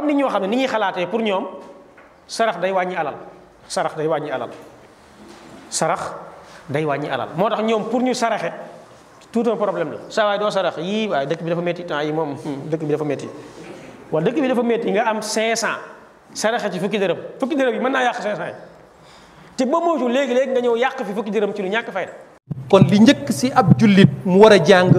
am nit ñoo xamne ni ñi xalaatee pour ñom sarax day wañi alal sarax day wañi alal sarax day wañi alal motax ñom pour ñu saraxé tout un problème la sa way do sarax yi way dekk bi dafa metti tan yi mom hmm, dekk bi dafa metti wa dekk bi dafa metti nga am 500 saraxé ci fukki dërëm fukki dërëm yi mëna yaq 500 yi te mo mooju légui légui nga ñew yaq fi fukki dërëm ci lu ñak fay kon li ñëk si ab jullit mu wara jang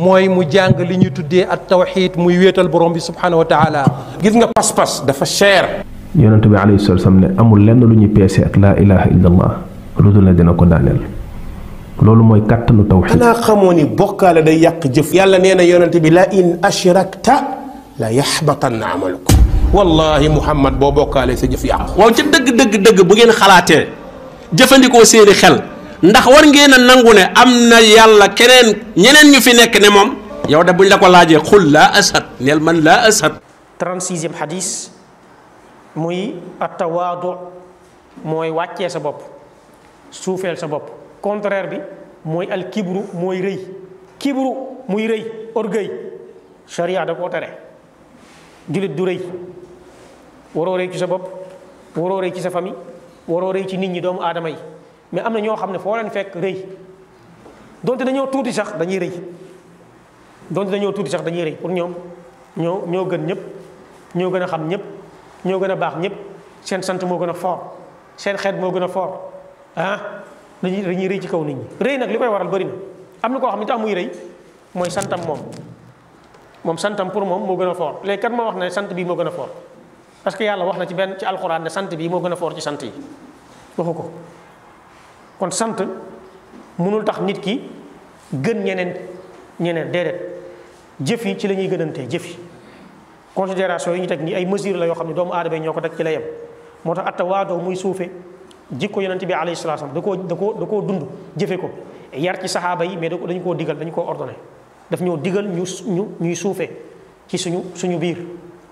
moy mu jàng li ñuy tuddee at tawhid muy wétal borom bi subhanahu wa taala. gis nga pass pass dafa cher. yonent bi alayhi salaatu salaam ne amul lenn lu ñuy peese ak la ilaha illallah lu dul ne dina ko daaneel loolu moy kàttanu tawhid ana xamoo ni day yak jëf. yàlla neena na bi la in ashrakta la yahbatan amaluk. wallahi muhammad bo bokkaale sa jëf yàqu. waaw ci deug deug deug bu ngeen xalaté jëfandikoo seeni xel. ndax war ngeen a nangu ne am na yàlla keneen ñeneen ñu fi nekk ne moom yow de buñ la ko laajee xul laa asad neel man laa asad 36e hadis muy atawadu mooy wàccee sa bopp suufeel sa bopp contraire bi mooy al kibru mooy rëy kibru muy rëy orgueil sharia da koo tere julit du rëy waroo rëy ci sa bopp waroo rëy ci sa famille waroo rëy ci nit ñi doomu aadama yi mais am na ñoo xam ne foo leen fekk rëy donte dañoo tuuti sax dañuy rëy donte dañoo tuuti sax dañuy rëy pour ñoom ñoo ñoo gën ñëpp ñoo gën a xam ñëpp ñoo gën a baax ñëpp seen sant moo gën a fort seen xeet moo gën a fort ah dañuy dañuy rëy ci kaw nit ñi. rëy nag li koy waral bëri na am na koo xam ne tax muy rëy mooy santam moom moom santam pour moom moo gën a fort léegi kat moo wax ne sant bii moo gën a fort parce que yàlla wax na ci benn ci alxuraan ne sant bii moo gën a foor ci sant yi waxu ko. kon sant mënul tax nit ki gën ñeneen ñeneen déedéet jëf yi ci la ñuy gënantee jëf yi considération yi ñu teg nii ay mesure la yoo xam ne doomu aadama ñoo ko teg ci la yem moo tax atta waadoo muy suufee jikko yonente bi alayhi salaatu da ko da koo dund jëfe ko yar ci saxaaba yi mais dañu koo digal dañu koo ordonné daf ñoo digal ñu ñu ñuy suufee ci suñu suñu biir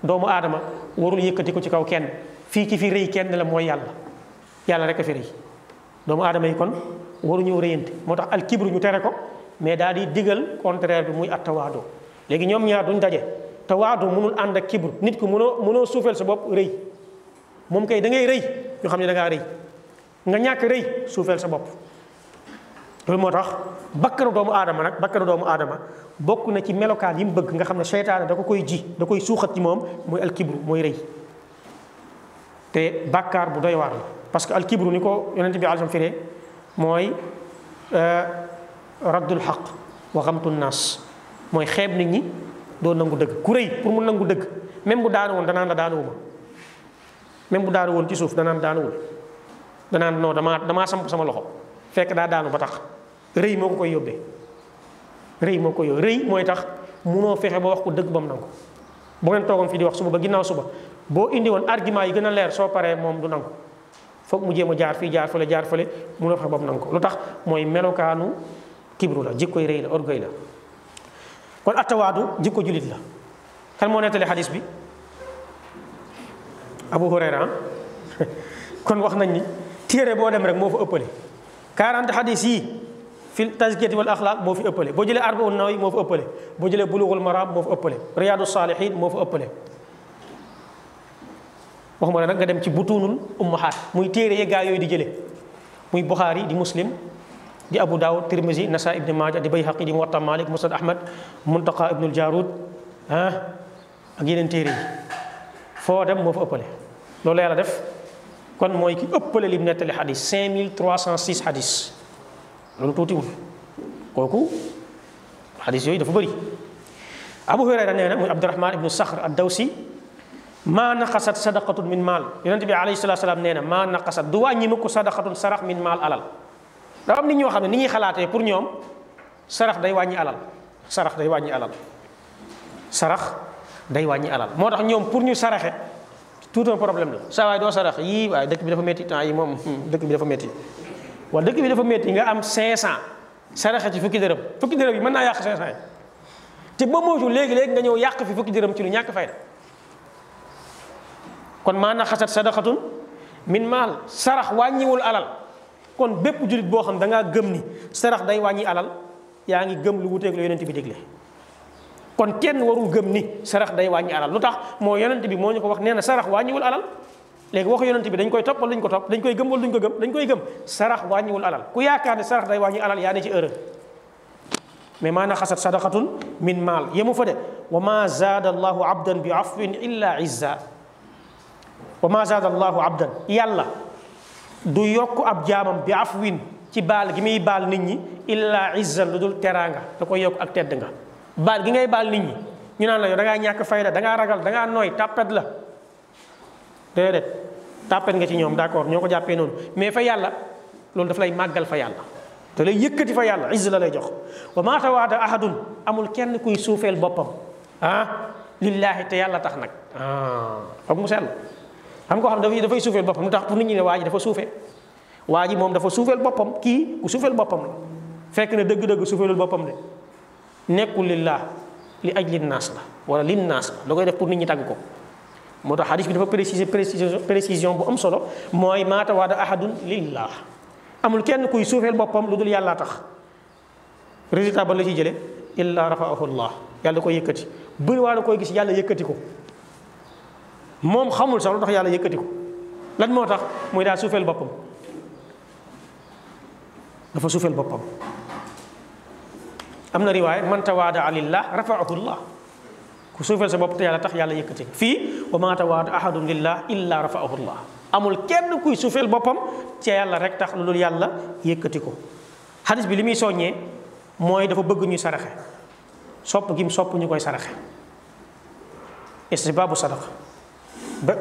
doomu aadama warul yëkkati ko ci kaw kenn fii ki fi rëy kenn la mooy yàlla yàlla rek a fi doomu adama yi kon waruñoo rëyante moo tax alkibru ñu tere ko mais daal di digal contraire bi muy at tawaadoo léegi ñoom ñaar duñ daje tawaadoo mënul ànd ak kibru nit ko mënoo mënoo suufeel sa bopp rëy moom kay da ngay rëy ñu xam ne da ngaa rëy nga ñàkk rëy suufeel sa bopp loolu moo tax bakkanu doomu aadama nag bakkanu doomu aadama bokk na ci melokaan yi mu bëgg nga xam ne seytaane da ko koy ji da koy suuxat ci moom mooy alkibru mooy rëy te bàkkaar bu doy parce que alkibru ni ko yonent bi alayhi firee mooy raddul xaq wa xamtu naas mooy xeeb nit ñi doo nangu dëgg ku rëy pour mu nangu dëgg même bu daanu woon danaan la daanuwuma même bu daanu woon ci suuf danaan daanuwul danaan non damaa damaa samp sama loxo fekk daa daanu ba tax rëy moo ko koy yóbbee rëy moo ko yóbbee rëy mooy tax munoo fexe ba wax ko dëgg ba mu nangu boo ngeen toogoon fii di wax suba ba ginnaaw suba boo indi woon argument yi gën a leer soo paree moom du nangu foog mu jéem a jaar fii jaar fële jaar fële mun a fexe ba ko lu tax mooy melokaanu kibru la jikkoy rëy la orgueil la kon attawaadu jikko jullit la kan moo nettali xadis bi Abu Hurayra kon wax nañ ni téere boo dem rek moo fa ëppale 40 xadis yi fi tazkiyati wal axlaaq moo fi ëppale boo jëlee arbaun nawawi moo fa ëppale boo jëlee bulughul maram moo fa ëppale riyaadu saalihin moo fa ëppale waxuma la nag nga dem ci butuunul ummahaat muy téere yi gaa yooyu di jële muy buxaari di muslim di abu daawud tirmisi nasa ibni maaja di bayhaqi di muwatta malik musnad ahmad muntaqa ibnul jaarud ah ak yeneen téere yi foo dem moo fa ëppale loolu yàlla def kon mooy ki ëppale lim nettali xadis 5306 xadis loolu tuutiwul kooku xadis yooyu dafa bëri abu hurayra nee na muy abdurahman ibnu saxr ad dawsi ma naqasat sadaqatun min maal yonente bi alayhi salatu salaam nee na ma naqasat du wàññi mukk sadaqatun sarax min maal alal dafa am nit ñoo xam ne ni ñuy xalaatee pour ñoom sarax day wàññi alal sarax day wàññi alal sarax day wàññi alal moo tax ñoom pour ñu saraxe tout un problème la saa waay doo sarax yii waaye dëkk bi dafa métti temps yi moom dëkk bi dafa métti wala dëkk bi dafa métti nga am 500 saraxe ci fukki dërëm fukki dërëm yi mën naa yàq 500 yi te ba mooju léegi-léegi nga ñëw yàq fi fukki dërëm ci lu ñàkk fayda kon maa naqasat sadaqatun min maal sarax wàññiwul alal kon bépp jullit boo xam da ngaa gëm ni sarax day wàññi alal yaa ngi gëm lu wuteeg la yonent bi digle kon kenn warul gëm ni sarax day wàññi alal lu tax moo yonent bi moo ñu ko wax nee na sarax wàññiwul alal léegi waxu yonent bi dañ koy topp wala duñ ko topp dañ koy gëm wala duñ ko gëm dañ koy gëm sarax wàññiwul alal ku yaakaar ne sarax day wàññi alal yaa ne ci erreur mais maana xasat sadaqatun min maal yemu fa ma zaada allahu abdan bi afwin illa izza wa ma zaada allahu abdan yàlla du yokk ab jaamam bi afwin ci baal gi muy baal nit ñi illa izzan lu dul teraanga da koy yokk ak tedd nga baal gi ngay baal nit ñi ñu naan la yow da ngaa ñàkk fayda da ngaa ragal da ngaa nooy tàppet la déedéet tàppet nga ci ñoom d'accord ñoo ko jàppee noonu mais fa yàlla loolu daf lay màggal fa yàlla da lay yëkkati fa yàlla izz la lay jox wa ma tawaada ahadun amul kenn kuy suufeel boppam ah lillahi te yàlla tax nag ah foog mu sell xam ko xam dafay dafay suufeel boppam lu tax pour nit ñi ne waa ji dafa suufe waa moom dafa suufeel boppam kii ku suufeel boppam la fekk na dëgg-dëgg suufeelul boppam de nekkul lillah li aj lin naas la wala lin naas koy def pour nit ñi dagg ko moo tax xadis bi dafa préciser précision bu am solo mooy maata waada ahadun lillah amul kenn kuy suufeel boppam lu dul yàlla tax résultat ba la ciy jële illaa rafaahu llah yàlla koy yëkkati bëri waa na koy gis yàlla yëkkati ko mom xamul sax lutax yàlla yëkëti ko lan moo tax muy da soufel bopam dafa soufel bopam amna riwaya riwaaya man tawaada lillah rafaahu allah ku soufel sa bop te yàlla tax yàlla yëkëti fi wa ma tawada ahadun lillah illa rafaahu allah amul kenn kuy soufel bopam ci yàlla rek tax lu yàlla yëkëti ko hadith bi limi soñé moy dafa bëgg ñu saraxe sop gi sop ñukoy saraxe istihbaabu sadaqa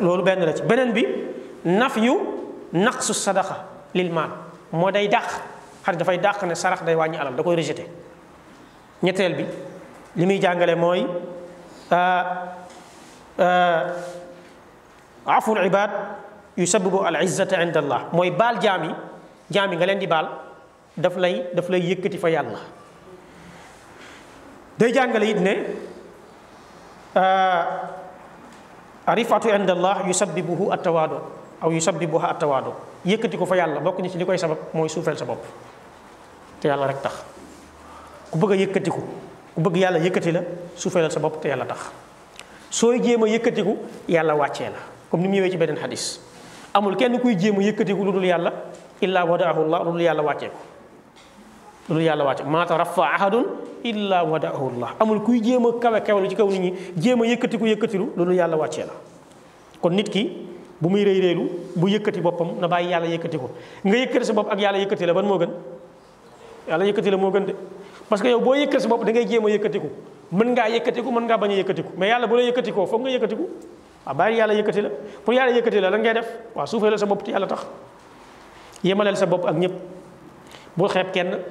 loolu benn la ci beneen bi naf yu naqsu sadaqa lil maal moo day dàq xar dafay dàq ne sarax day wàññi alal da koy rejeté ñetteel bi li muy jàngale mooy afu al ibad yusabibu al izzata inda allah mooy baal jaam yi jaam yi nga leen di baal daf lay daf lay yëkkati fa yàlla day jàngale it ne arifatu inda allah yusabbibuhu attawaado aw yusabbibuha attawaado yëkkati ko fa yàlla bokk ni ci li koy sabab mooy suufeel sa bopp te yàlla rek tax ku bëgg a yëkkatiku ku bëgg yàlla yëkkati la suufeelal sa bopp te yàlla tax sooy jéem a yëkkatiku yàlla wàccee la comme ni mu ñëwee ci beneen xadis amul kenn kuy jéema a yëkkatiku lu dul yàlla illaa wadaahu llah lu dul yàlla wàccee ko lu dul yàlla wàcce maa tarafa ahadun illa wadahu llah amul kuy jéem a kawe lu ci kaw nit ñi jéem a yëkkatiku yëkkatilu loolu yàlla wàccee la kon nit ki bu muy rëy réelu bu yëkkati boppam na bàyyi yàlla yëkkati ko nga yëkkati sa bopp ak yàlla yëkkati ban moo gën yàlla yëkkati la moo gën de parce que yow boo yëkkati sa bopp da ngay jéem a yëkkatiku mën ngaa yëkkatiku mën ngaa bañ a yëkkatiku mais yàlla bu la yëkkatikoo foog nga yëkkatiku waaw ah, bàyyi yàlla yëkkati la pour yàlla yëkkati la lan ngay def waaw suufee la sa bopp te yàlla tax yemaleel sa bopp ak ñëpp bul xeeb kenn